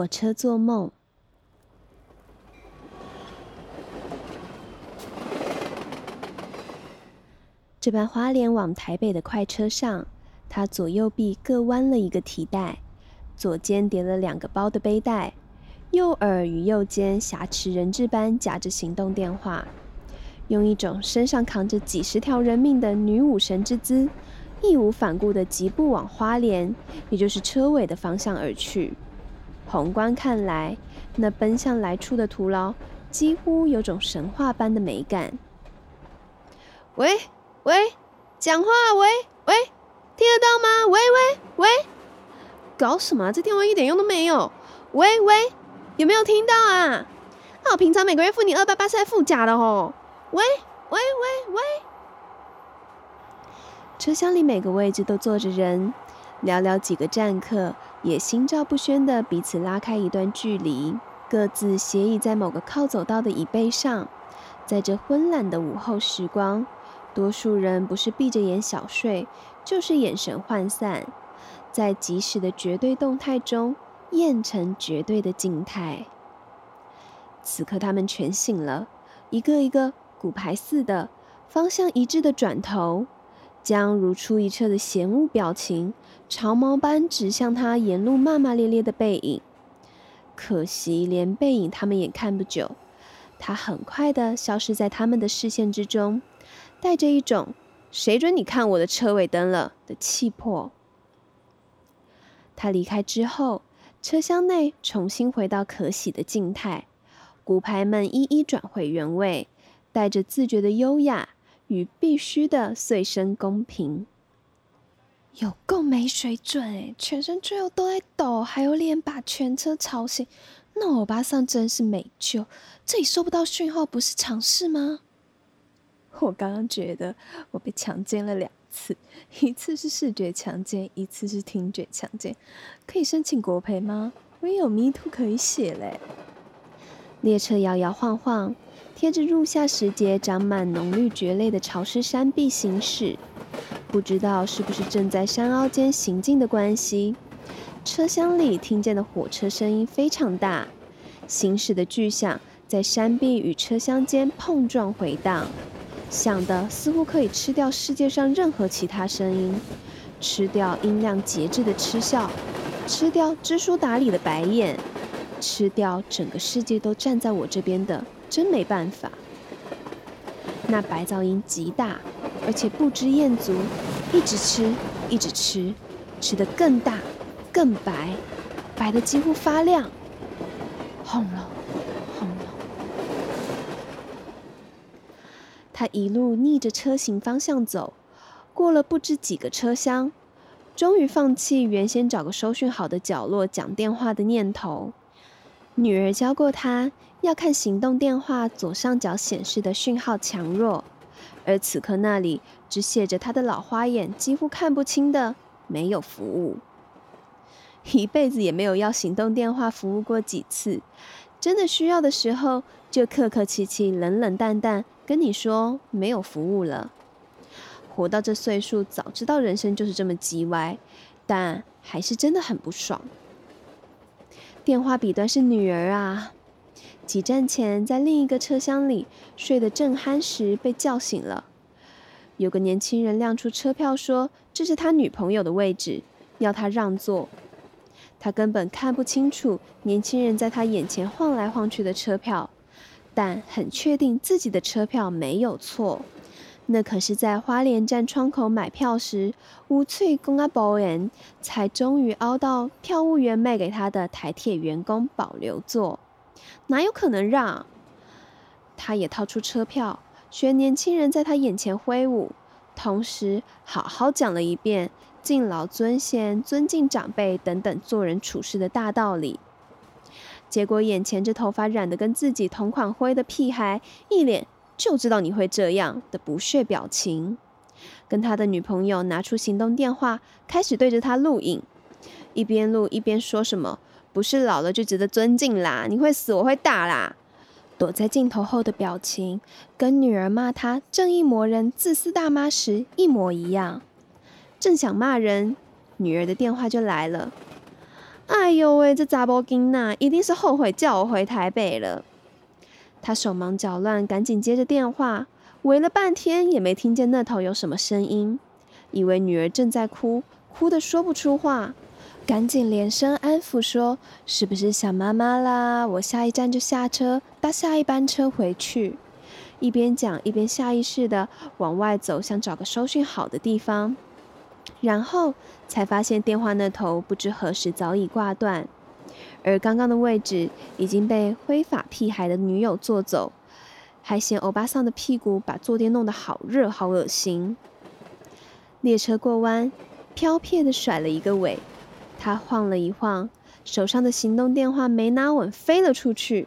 火車做夢。這班花蓮往台北的快車上，她左右臂各彎了一個提袋，左肩疊了兩個包的背帶，右耳與右肩挾持人質般夾着行動電話，用一種身上扛着幾十條人命的女武神之姿，義無反顧的疾步往花蓮，也就是車尾的方向而去。宏觀看來，那奔向來處的徒勞，幾乎有種神話般的美感。喂喂，講話！喂喂，聽得到嗎？喂喂喂，搞什麼？這電話一點用都沒有。喂喂，有沒有聽到啊？那、啊、我平常每個月付你二八八，是在付假的哦。喂喂喂喂，喂車廂裡每個位置都坐着人，寥寥幾個站客，也心照不宣地彼此拉開一段距離，各自斜倚在某個靠走道的椅背上。在這昏暗的午後時光，多數人不是閉着眼小睡，就是眼神渙散，在即時的絕對動態中，厭成絕對的靜態。此刻他們全醒了，一個一個骨牌似的，方向一致地轉頭，將如出一轍的嫌惡表情，長矛般指向他沿路罵罵咧咧的背影，可惜連背影他們也看不久，他很快的消失在他們的視線之中，帶着一種“誰准你看我的車尾燈了”的氣魄。他離開之後，車廂內重新回到可喜的靜態，骨牌們一一轉回原位，帶着自覺的優雅與必須的碎身公平。有夠沒水準、欸、全身最後都在抖，還有臉把全車吵醒？那歐巴桑真是沒救，這裡收不到訊號不是常事嗎？我剛剛覺得我被強姦了兩次，一次是視覺強奸，一次是聽覺強奸，可以申請國賠嗎？我也有 m 途可以寫嘞、欸。列車搖搖晃晃。貼着入夏時節長滿濃綠蕨類的潮濕山壁行駛，不知道是不是正在山凹間行進的關係，車廂裡聽見的火車聲音非常大，行駛的巨響在山壁與車廂間碰撞迴盪，響得似乎可以吃掉世界上任何其他聲音，吃掉音量節制的嗤笑，吃掉知書達理的白眼，吃掉整個世界都站在我這邊的。真沒辦法，那白噪音極大，而且不知饜足，一直吃，一直吃，吃得更大，更白，白得幾乎發亮。轟隆，轟隆。他一路逆着車行方向走，過了不知幾個車廂，終於放棄原先找個收訊好的角落講電話的念頭。女兒教過他。要看行動電話左上角顯示的訊號強弱，而此刻那裡只寫着他的老花眼幾乎看不清的“沒有服務”。一輩子也沒有要行動電話服務過幾次，真的需要的時候就客客氣氣、冷冷淡淡跟你說沒有服務了。活到這歲數，早知道人生就是這麼雞歪，但還是真的很不爽。電話彼端是女兒啊。幾站前，在另一個車廂裡睡得正酣時被叫醒了。有個年輕人亮出車票，說這是他女朋友的位置，要他讓座。他根本看不清楚年輕人在他眼前晃來晃去的車票，但很確定自己的車票沒有錯。那可是在花蓮站窗口買票時，烏翠公阿抱怨，才終於凹到票務員賣給他的台鐵員工保留座。哪有可能讓？他也掏出車票，學年輕人在他眼前揮舞，同時好好講了一遍敬老尊賢、尊敬長輩等等做人處事的大道理。結果，眼前這頭髮染得跟自己同款灰的屁孩，一臉就知道你會這樣的不屑表情，跟他的女朋友拿出行動電話，開始對着他錄影，一邊錄一邊說什麼。不是老了就值得尊敬啦！你會死，我會大啦！躲在鏡頭後的表情，跟女兒罵她“正義魔人、自私大媽”時一模一樣。正想罵人，女兒的電話就來了。哎呦喂，這查某囡仔一定是後悔叫我回台北了。她手忙腳亂，趕緊接着電話，圍了半天也沒聽見那頭有什麼聲音，以為女兒正在哭，哭得說不出話。趕緊連聲安撫說：“是不是想媽媽啦？我下一站就下車，搭下一班車回去。”一邊講一邊下意識地往外走，想找個收訊好的地方。然後才發現電話那頭不知何時早已掛斷，而剛剛的位置已經被灰髮屁孩的女友坐走，還嫌歐巴桑的屁股把坐墊弄得好熱好噁心。列車過彎，飄撇地甩了一個尾。他晃了一晃，手上的行動電話沒拿穩，飛了出去。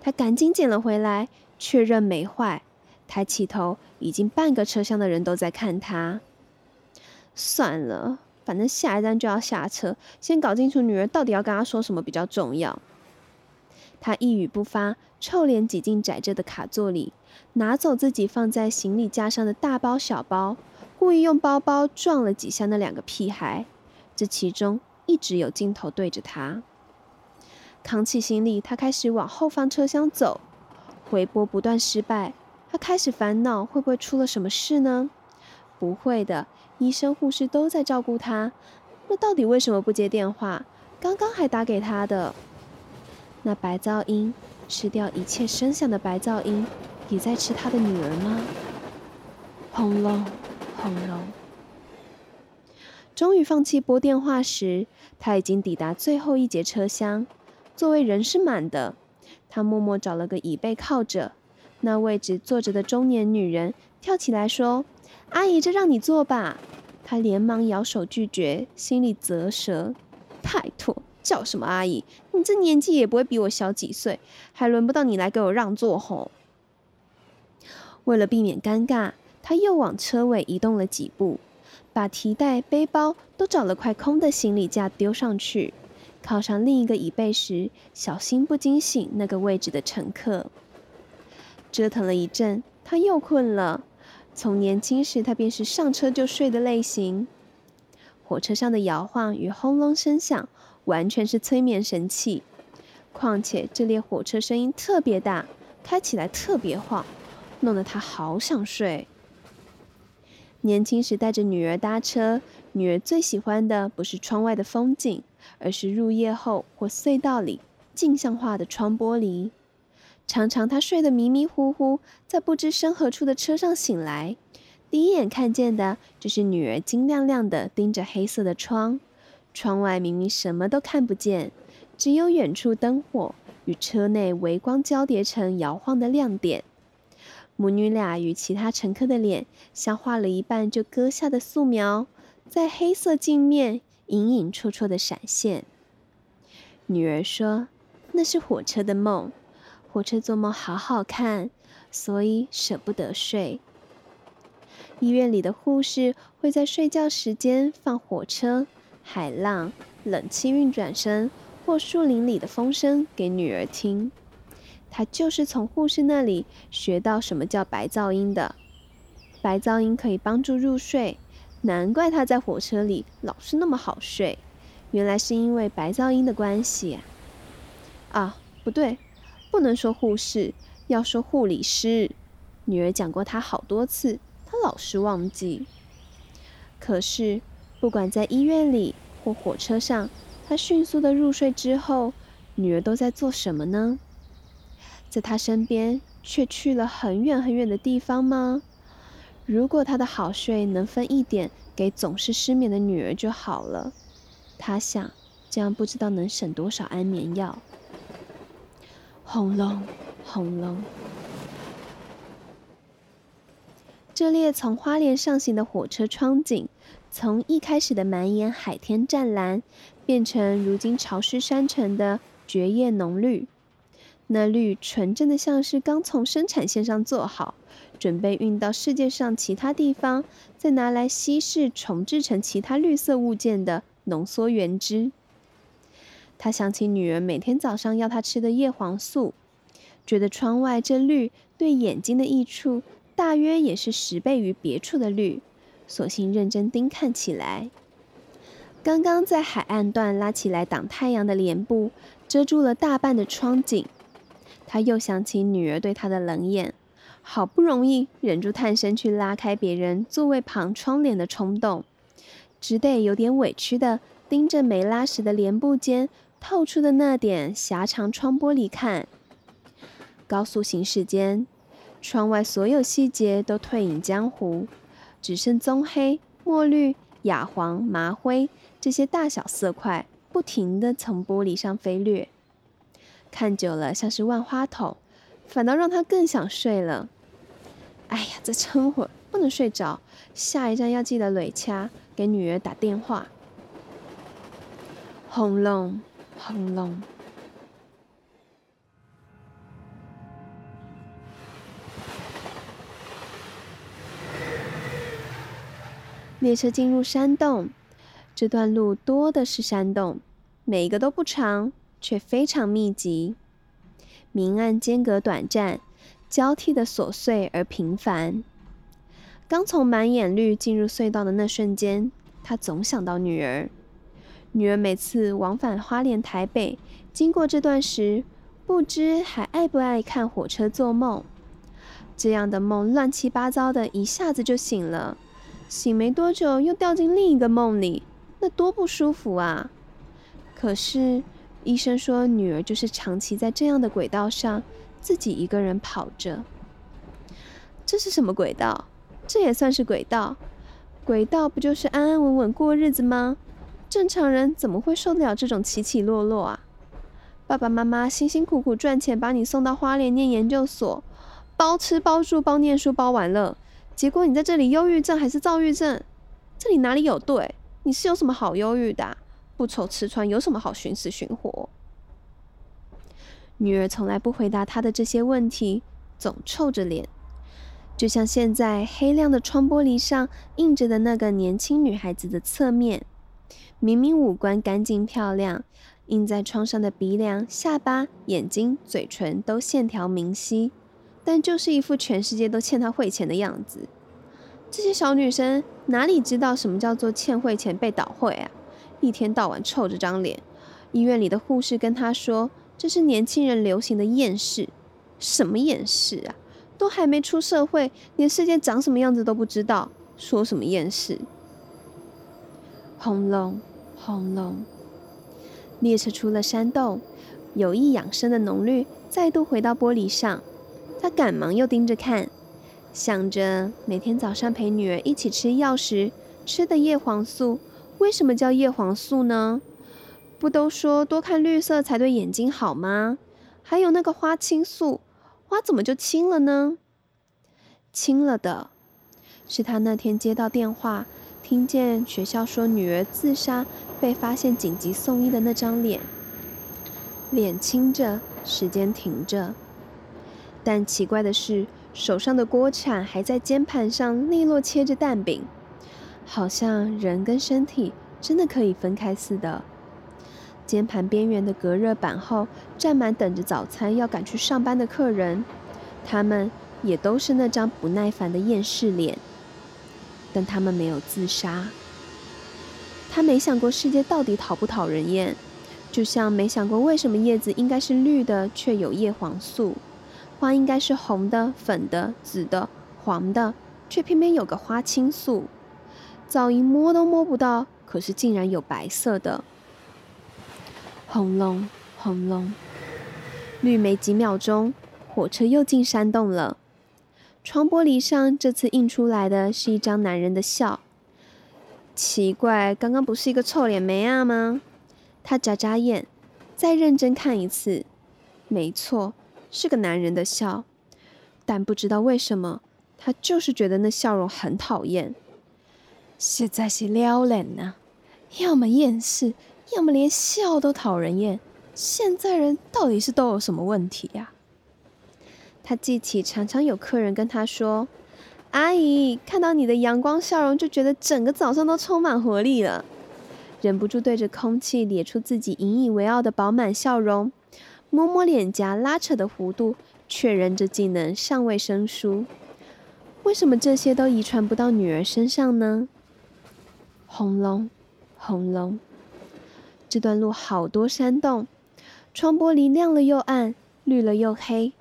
他趕緊撿了回來，確認沒壞，抬起頭，已經半個車廂的人都在看他。算了，反正下一站就要下車，先搞清楚女兒到底要跟他說什麼比較重要。他一語不發，臭臉擠進窄窄的卡座裡，拿走自己放在行李架上的大包小包，故意用包包撞了幾下那兩個屁孩。這其中。一直有鏡頭對着他。扛起行李，他開始往後方車廂走。回撥不斷失敗，他開始煩惱，會不會出了什麼事呢？不會的，醫生護士都在照顧他。那到底為什麼不接電話？剛剛還打給他的。那白噪音，吃掉一切聲響的白噪音，也在吃他的女兒嗎？轟隆，轟隆。終於放棄撥電話時，他已經抵達最後一節車廂，座位仍是滿的。他默默找了個椅背靠着，那位置坐着的中年女人跳起來說：“阿姨，這讓你坐吧。”他連忙搖手拒絕，心裡咋舌：“拜託，叫什麼阿姨？你這年紀也不會比我小幾歲，還輪不到你來給我讓座吼。”為了避免尷尬，他又往車尾移動了幾步。把提袋、背包都找了塊空的行李架丟上去，靠上另一個椅背時，小心不驚醒那個位置的乘客。折騰了一陣，他又困了。從年輕時，他便是上車就睡的類型。火車上的搖晃與轟隆聲響完全是催眠神器，況且這列火車聲音特別大，開起來特別晃，弄得他好想睡。年輕時帶着女兒搭車，女兒最喜歡的不是窗外的風景，而是入夜後或隧道裡鏡像化的窗玻璃。常常她睡得迷迷糊糊，在不知身何處的車上醒來，第一眼看見的就是女兒晶亮亮地盯着黑色的窗，窗外明明什麼都看不見，只有遠處燈火與車內微光交疊成搖晃的亮點。母女倆與其他乘客的臉像畫了一半就割下的素描，在黑色鏡面隱隱綽綽的閃現。女兒說：“那是火車的夢，火車做夢好好看，所以捨不得睡。”醫院裡的護士會在睡覺時間放火車、海浪、冷氣運轉聲或樹林裡的風聲給女兒聽。他就是從護士那裡學到什麼叫白噪音的，白噪音可以幫助入睡，難怪他在火車裡老是那麼好睡，原來是因為白噪音的關係啊。啊，不對，不能說護士，要說護理師。女兒講過他好多次，他老是忘記。可是，不管在醫院裡或火車上，他迅速的入睡之後，女兒都在做什麼呢？在他身邊，卻去了很遠很遠的地方嗎？如果他的好睡能分一點給總是失眠的女兒就好了，他想，這樣不知道能省多少安眠藥。轟隆，轟隆，這列從花蓮上行的火車窗景，從一開始的滿眼海天湛藍，變成如今潮濕山城的絕艷濃綠。那綠純正的，像是剛從生產線上做好，準備運到世界上其他地方，再拿來稀釋、重製成其他綠色物件的濃縮原汁。他想起女兒每天早上要他吃的葉黃素，覺得窗外這綠對眼睛的益處，大約也是十倍於別處的綠，索性認真盯看起來。剛剛在海岸段拉起來擋太陽的簾布，遮住了大半的窗景。他又想起女兒對他的冷眼，好不容易忍住探身去拉開別人座位旁窗簾的衝動，只得有點委屈地盯着沒拉實的簾布間透出的那點狹長窗玻璃看。高速行駛間，窗外所有細節都退隱江湖，只剩棕黑、墨綠、雅黃、麻灰這些大小色塊不停地從玻璃上飛掠。看久了像是萬花筒，反倒讓他更想睡了。哎呀，再撐會，不能睡着。下一站要記得累掐，給女兒打電話。轟隆，轟隆。列車進入山洞，這段路多的是山洞，每一個都不長，卻非常密集，明暗間隔短暫，交替的瑣碎而頻繁。剛從滿眼綠進入隧道的那瞬間，他總想到女兒。女兒每次往返花蓮、台北，經過這段時，不知還愛不愛看火車做夢。這樣的夢亂七八糟的，一下子就醒了。醒沒多久，又掉進另一個夢裡，那多不舒服啊！可是……醫生說，女兒就是長期在這樣的軌道上自己一個人跑着。這是什麼軌道？這也算是軌道？軌道不就是安安穩穩過日子嗎？正常人怎麼會受得了這種起起落落啊？爸爸媽媽辛辛苦苦賺錢，把你送到花蓮念研究所，包吃包住包念書包玩樂，結果你在這裡憂鬱症還是躁鬱症？這裡哪裡有對？你是有什麼好憂鬱的啊？不愁吃穿，有什麼好尋死尋活？女兒從來不回答他的這些問題，總臭着臉，就像現在黑亮的窗玻璃上映着的那個年輕女孩子的側面。明明五官乾淨漂亮，映在窗上的鼻梁、下巴、眼睛、嘴唇都線條明晰，但就是一副全世界都欠她會錢的樣子。這些小女生哪裡知道什麼叫做欠會錢被倒會啊？一天到晚臭着張臉，醫院裡的護士跟他說：“這是年輕人流行的厭世，什麼厭世啊？都還沒出社會，連世界長什麼樣子都不知道，說什麼厭世？”轟隆，轟隆，列車出了山洞，有益養生的濃綠再度回到玻璃上，他趕忙又盯着看，想着每天早上陪女兒一起吃藥時吃的葉黃素。為什麼叫葉黃素呢？不都說多看綠色才對眼睛好嗎？還有那個花青素，花怎麼就青了呢？青了的，是他那天接到電話，聽見學校說女兒自殺被發現緊急送醫的那張臉。臉青着，時間停着，但奇怪的是，手上的鍋鏟還在煎盤上利落切着蛋餅。好像人跟身體真的可以分開似的。煎盤邊緣的隔熱板後，站滿等着早餐要趕去上班的客人，他們也都是那張不耐煩的厭世臉。但他們沒有自殺。他沒想過世界到底討不討人厭，就像沒想過為什麼葉子應該是綠的，卻有葉黃素，花應該是紅的、粉的、紫的、黃的，卻偏偏有個花青素。噪音摸都摸不到，可是竟然有白色的。轟隆轟隆，綠沒幾秒鐘，火車又進山洞了。窗玻璃上這次映出來的是一張男人的笑。奇怪，剛剛不是一個臭臉妹啊嗎？他眨眨眼，再認真看一次，沒錯，是個男人的笑。但不知道為什麼，他就是覺得那笑容很討厭。現在是撩臉呢、啊，要麼厭世，要麼連笑都討人厭。現在人到底是都有什麼問題呀、啊？她記起常常有客人跟她說：“阿姨，看到你的陽光笑容，就覺得整個早上都充滿活力了。”忍不住對着空氣咧出自己引以為傲的飽滿笑容，摸摸臉頰拉扯的弧度，確認這技能尚未生疏。為什麼這些都遺傳不到女兒身上呢？轟隆轟隆，這段路好多山洞，窗玻璃亮了又暗，綠了又黑。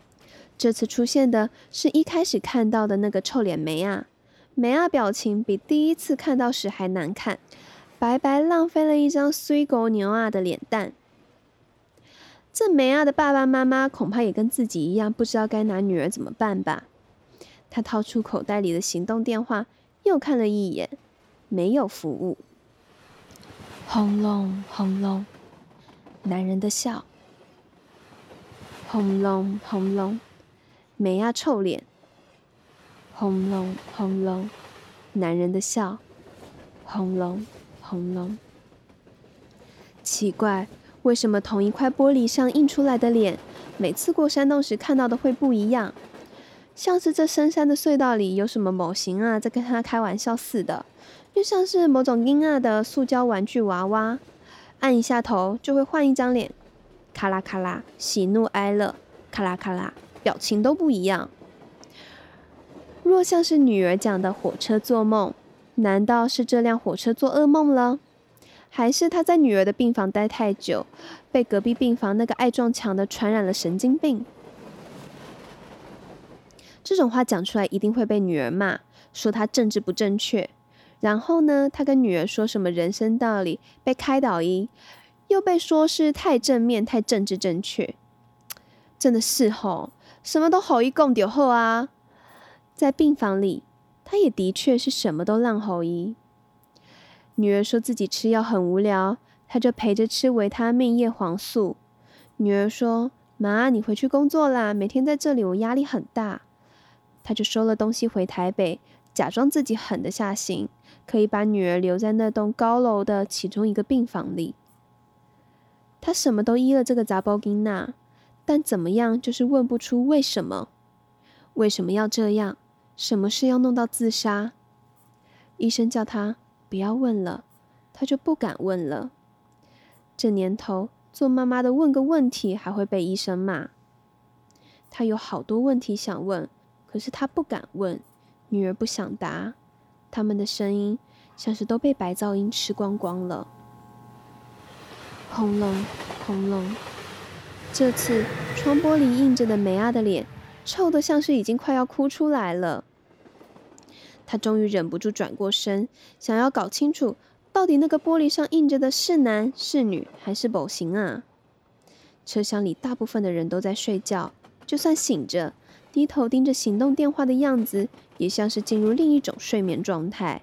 這次出現的是一開始看到的那個臭臉梅啊，梅啊，表情比第一次看到時還難看，白白浪費了一張水姑娘啊的臉蛋。這梅啊的爸爸媽媽恐怕也跟自己一樣，不知道該拿女兒怎麼辦吧？他掏出口袋裡的行動電話，又看了一眼。沒有服務。轟隆轟隆，男人的笑。轟隆轟隆，美呀，臭臉。轟隆轟隆，男人的笑。轟隆轟隆，奇怪，為什麼同一塊玻璃上映出來的臉，每次過山洞時看到的會不一樣？像是這深山的隧道裡有什麼某型啊，在跟他開玩笑似的，又像是某種嬰兒的塑膠玩具娃娃，按一下頭就會換一張臉，咔啦咔啦，喜怒哀樂，咔啦咔啦，表情都不一樣。若像是女兒講的火車做夢，難道是這輛火車做噩夢了？還是她在女兒的病房待太久，被隔壁病房那個愛撞牆的傳染了神經病？這種話講出來，一定會被女兒罵，說她政治不正確。然後呢，她跟女兒說什麼人生道理，被開導一，又被說是太正面、太政治正確。真的是吼、哦，什麼都吼一共丟後啊！在病房裡，她也的確是什麼都讓吼一。女兒說自己吃藥很無聊，她就陪着吃維他命葉黃素。女兒說：“媽，你回去工作啦，每天在這裡我壓力很大。”他就收了東西回台北，假裝自己狠得下心，可以把女兒留在那棟高樓的其中一個病房裡。他什麼都依了這個雜包丁娜，但怎麼樣就是問不出為什麼，為什麼要這樣，什麼事要弄到自殺？醫生叫他不要問了，他就不敢問了。這年頭，做媽媽的問個問題還會被醫生罵。他有好多問題想問。可是他不敢問，女兒不想答。他們的聲音像是都被白噪音吃光光了。轟隆，轟隆。這次窗玻璃映着的梅阿的臉，臭得像是已經快要哭出來了。他終於忍不住轉過身，想要搞清楚，到底那個玻璃上映着的是男是女還是某型啊？車廂裡大部分的人都在睡覺，就算醒着。低頭盯着行動電話的樣子，也像是進入另一種睡眠狀態。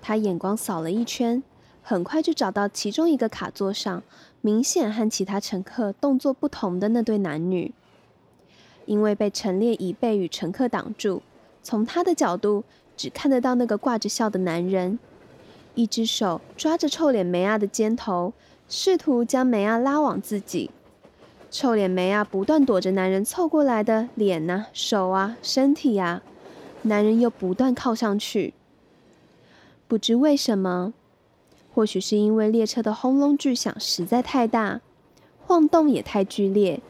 他眼光掃了一圈，很快就找到其中一個卡座上，明顯和其他乘客動作不同的那對男女。因為被陳列椅背與乘客擋住，從他的角度只看得到那個掛着笑的男人，一只手抓着臭臉梅亞的肩頭，試圖將梅亞拉往自己。臭臉梅亞，不斷躲着男人湊過來的臉吶、啊、手啊、身體呀、啊，男人又不斷靠上去。不知為什麼，或許是因為列車的轟隆巨響實在太大，晃動也太劇烈，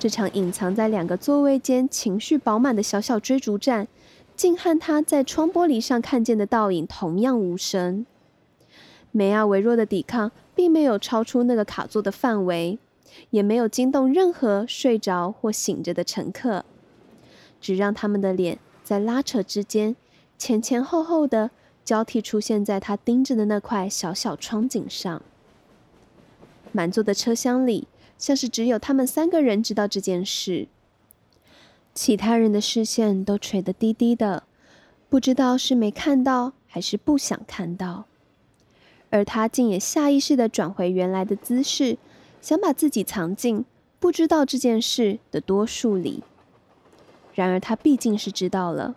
這場隱藏在兩個座位間、情緒飽滿的小小追逐戰，竟和他在窗玻璃上看見的倒影同樣無聲。梅亞、啊、微弱的抵抗，並沒有超出那個卡座的範圍。也沒有驚動任何睡着或醒着的乘客，只讓他們的臉在拉扯之間，前前後後的交替出現在他盯着的那塊小小窗景上。滿座的車廂裡，像是只有他們三個人知道這件事，其他人的視線都垂得低低的，不知道是沒看到還是不想看到，而他竟也下意識地轉回原來的姿勢，想把自己藏進不知道這件事的多數裡，然而他畢竟是知道了。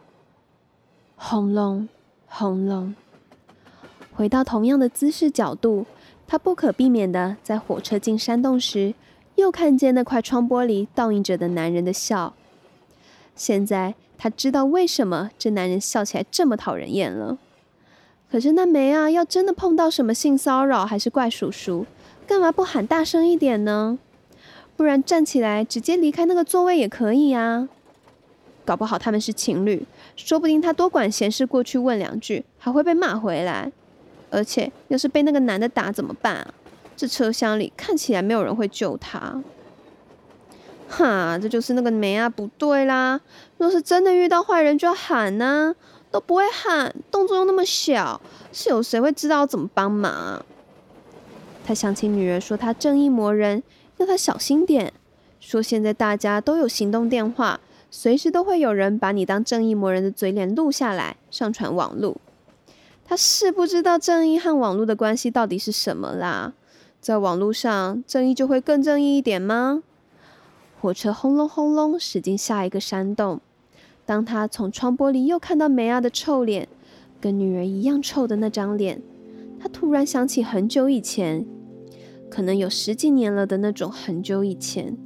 轟隆，轟隆，回到同樣的姿勢角度，他不可避免的在火車進山洞時，又看見那塊窗玻璃倒映着的男人的笑。現在他知道為什麼這男人笑起來這麼討人厭了。可是那沒啊，要真的碰到什麼性騷擾，還是怪叔叔。幹嘛不喊大聲一點呢？不然站起來直接離開那個座位也可以呀，啊。搞不好他們是情侶，說不定他多管閒事過去問兩句，還會被罵回來。而且要是被那個男的打怎麼辦啊？這車廂裡看起來沒有人會救他。哈，這就是那個沒啊，不對啦。若是真的遇到壞人就要喊吶，啊，都不會喊，動作又那麼小，是有誰會知道怎麼幫忙，啊？他想起女兒說他正義魔人，要他小心點，說現在大家都有行動電話，隨時都會有人把你當正義魔人的嘴臉錄下來，上傳網絡。他是不知道正義和網絡的關係到底是什麼啦，在網絡上正義就會更正義一點嗎？火車轟隆轟隆駛進下一個山洞，當他從窗玻璃又看到梅亞的臭臉，跟女人一樣臭的那張臉。他突然想起很久以前，可能有十幾年了的那種很久以前，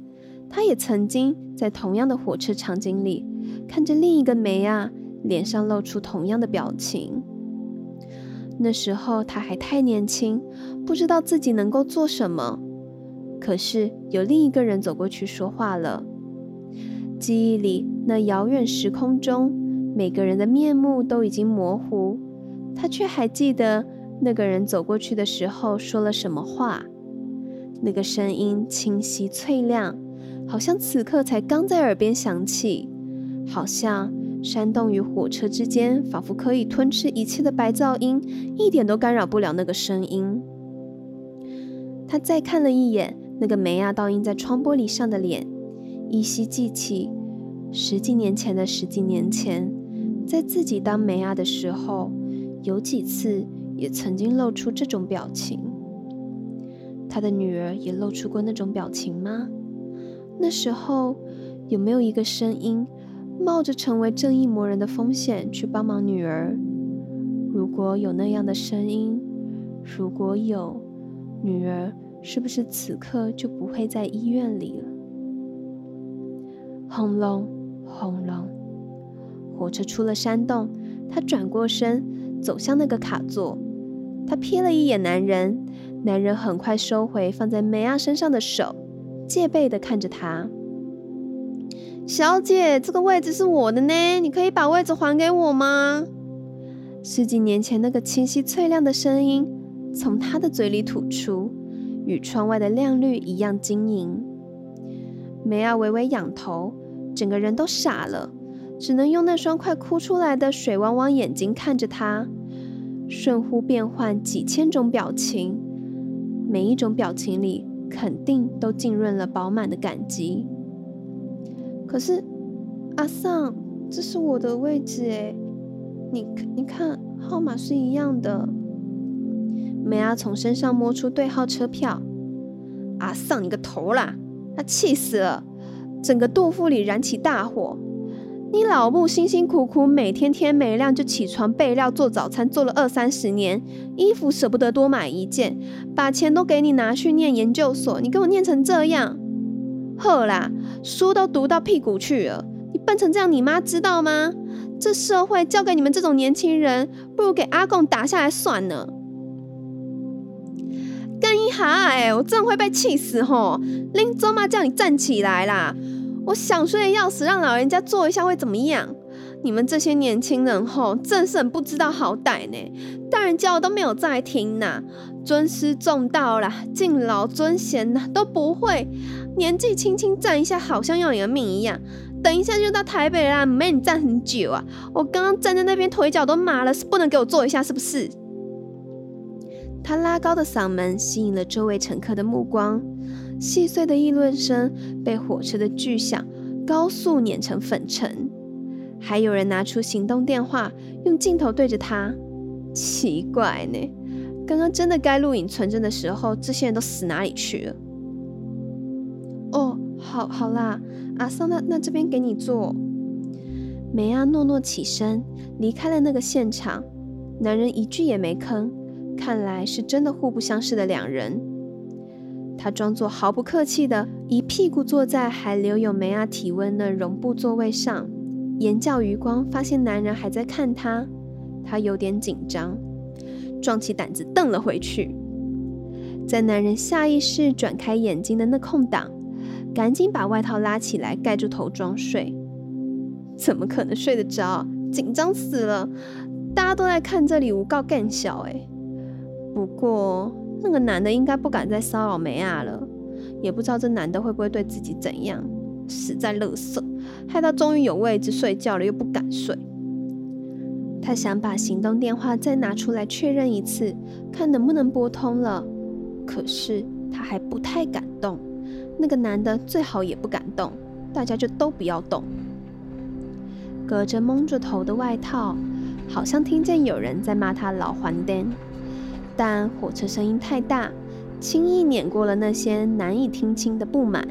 他也曾經在同樣的火車場景裡，看着另一個梅啊，臉上露出同樣的表情。那時候他還太年輕，不知道自己能夠做什麼。可是有另一個人走過去說話了。記憶裡那遙遠時空中每個人的面目都已經模糊，他卻還記得。那個人走過去的時候說了什麼話？那個聲音清晰脆亮，好像此刻才剛在耳邊響起，好像山洞與火車之間仿佛可以吞噬一切的白噪音，一點都干擾不了那個聲音。他再看了一眼那個梅亞倒映在窗玻璃上的臉，依稀記起十幾年前的十幾年前，在自己當梅亞的時候，有幾次。也曾經露出這種表情，她的女兒也露出過那種表情嗎？那時候有沒有一個聲音，冒着成為正義魔人的風險去幫忙女兒？如果有那樣的聲音，如果有，女兒是不是此刻就不會在醫院裡了？轟隆，轟隆，火車出了山洞，她轉過身，走向那個卡座。他瞥了一眼男人，男人很快收回放在梅亞身上的手，戒備地看着他。小姐，這個位置是我的呢，你可以把位置還給我嗎？十幾年前那個清晰脆亮的聲音從他的嘴裡吐出，與窗外的亮綠一樣晶瑩。梅亞微微仰頭，整個人都傻了，只能用那雙快哭出來的水汪汪眼睛看着他。瞬乎變換幾千種表情，每一種表情裡肯定都浸潤了飽滿的感激。可是阿桑，這是我的位置誒，你你看號碼是一樣的。梅阿從身上摸出對號車票。阿桑，你個頭啦！他氣死了，整個肚腹裡燃起大火。你老母辛辛苦苦，每天天沒亮就起床備料做早餐，做了二三十年，衣服捨不得多買一件，把錢都給你拿去念研究所，你給我念成這樣，呵啦，書都讀到屁股去了，你笨成這樣，你媽知道嗎？這社會交給你們這種年輕人，不如給阿公打下來算了。幹一行，我真的會被氣死吼、哦！恁祖媽叫你站起來啦！我想睡要死，讓老人家坐一下會怎麼樣？你們這些年輕人吼，真是很不知道好歹呢！大人教的都沒有在聽吶、啊，尊師重道啦，敬老尊賢吶，都不會。年紀輕輕站一下，好像要你的命一樣。等一下就到台北了啦，沒你站很久啊！我剛剛站在那邊，腿腳都麻了，是不能給我坐一下是不是？他拉高的嗓門吸引了周圍乘客的目光。細碎的議論聲被火車的巨響高速碾成粉塵，還有人拿出行動電話，用鏡頭對着他。奇怪呢，剛剛真的該錄影存證的時候，這些人都死哪裡去了？哦好，好，好啦，阿桑那，那這邊給你坐。梅亞諾諾起身離開了那個現場，男人一句也沒吭，看來是真的互不相識的兩人。他裝作毫不客氣的一屁股坐在還留有梅亞體溫的絨布座位上，眼角餘光發現男人還在看他，他有點緊張，壯起膽子瞪了回去。在男人下意識轉開眼睛的那空檔，趕緊把外套拉起來蓋住頭裝睡。怎麼可能睡得着啊？緊張死了！大家都在看這裡，無告干小哎。不過。那個男的應該不敢再騷擾梅亞了，也不知道這男的會不會對自己怎樣，實在垃圾，害到終於有位置睡覺了又不敢睡。他想把行動電話再拿出來確認一次，看能不能撥通了。可是他還不太敢動，那個男的最好也不敢動，大家就都不要動。隔着蒙着頭的外套，好像聽見有人在罵他老還燈。但火車聲音太大，輕易碾過了那些難以聽清的不滿。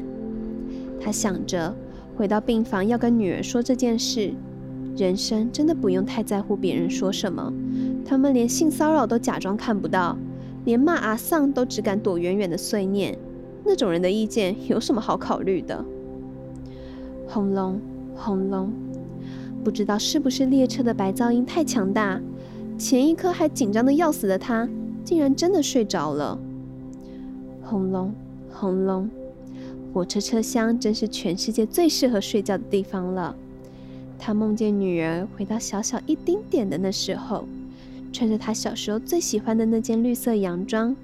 他想着回到病房要跟女兒說這件事。人生真的不用太在乎別人說什麼，他們連性騷擾都假裝看不到，連罵阿桑都只敢躲遠遠的碎念。那種人的意見有什麼好考慮的？轟隆，轟隆，不知道是不是列車的白噪音太強大，前一刻還緊張得要死的他。竟然真的睡着了。轟隆，轟隆，火車車廂真是全世界最適合睡覺的地方了。他夢見女兒回到小小一丁點的那時候，穿着他小時候最喜歡的那件綠色洋裝，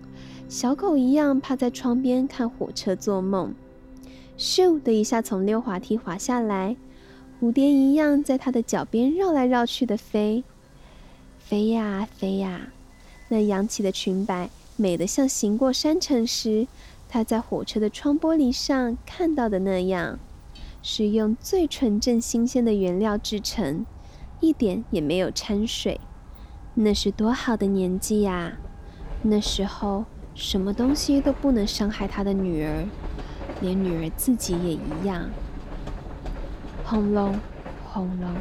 小狗一樣趴在窗邊看火車做夢。咻的一下從溜滑梯滑下來，蝴蝶一樣在他的腳邊繞來繞去的飛，飛呀飛呀。那揚起的裙擺，美得像行過山城時，他在火車的窗玻璃上看到的那樣。是用最純正新鮮的原料制成，一點也沒有摻水。那是多好的年紀呀、啊！那時候，什麼東西都不能傷害他的女兒，連女兒自己也一樣。轟隆，轟隆，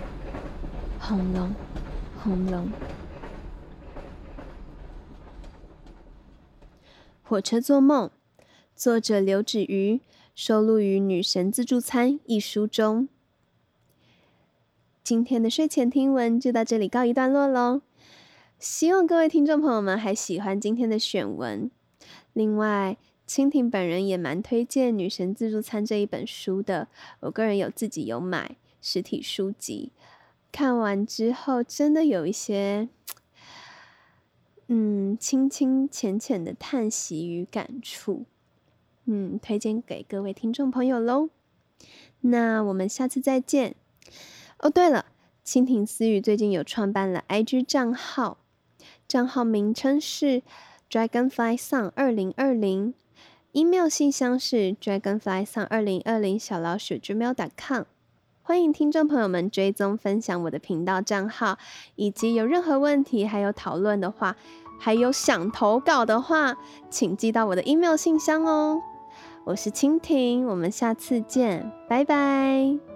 轟隆，轟隆。火車做夢，作者劉芷妤，收錄於《女神自助餐》一書中。今天的睡前聽文就到這裡告一段落嘍，希望各位聽眾朋友們還喜歡今天的選文。另外，蜻蜓本人也蠻推薦《女神自助餐》這一本書的，我個人有自己有買實體書籍，看完之後真的有一些。嗯，清清淺淺的嘆息與感觸，嗯，推薦給各位聽眾朋友嘍。那我們下次再見。哦，對了，蜻蜓思雨最近有創辦了 IG 賬號，賬號名稱是 Dragonfly Song 二零二零，email 信箱是 Dragonfly Song 二零二零小老鼠 gmail.com。歡迎聽眾朋友們追蹤分享我的頻道賬號，以及有任何問題還有討論的話，還有想投稿的話，請寄到我的 email 信箱哦。我是蜻蜓，我們下次見，拜拜。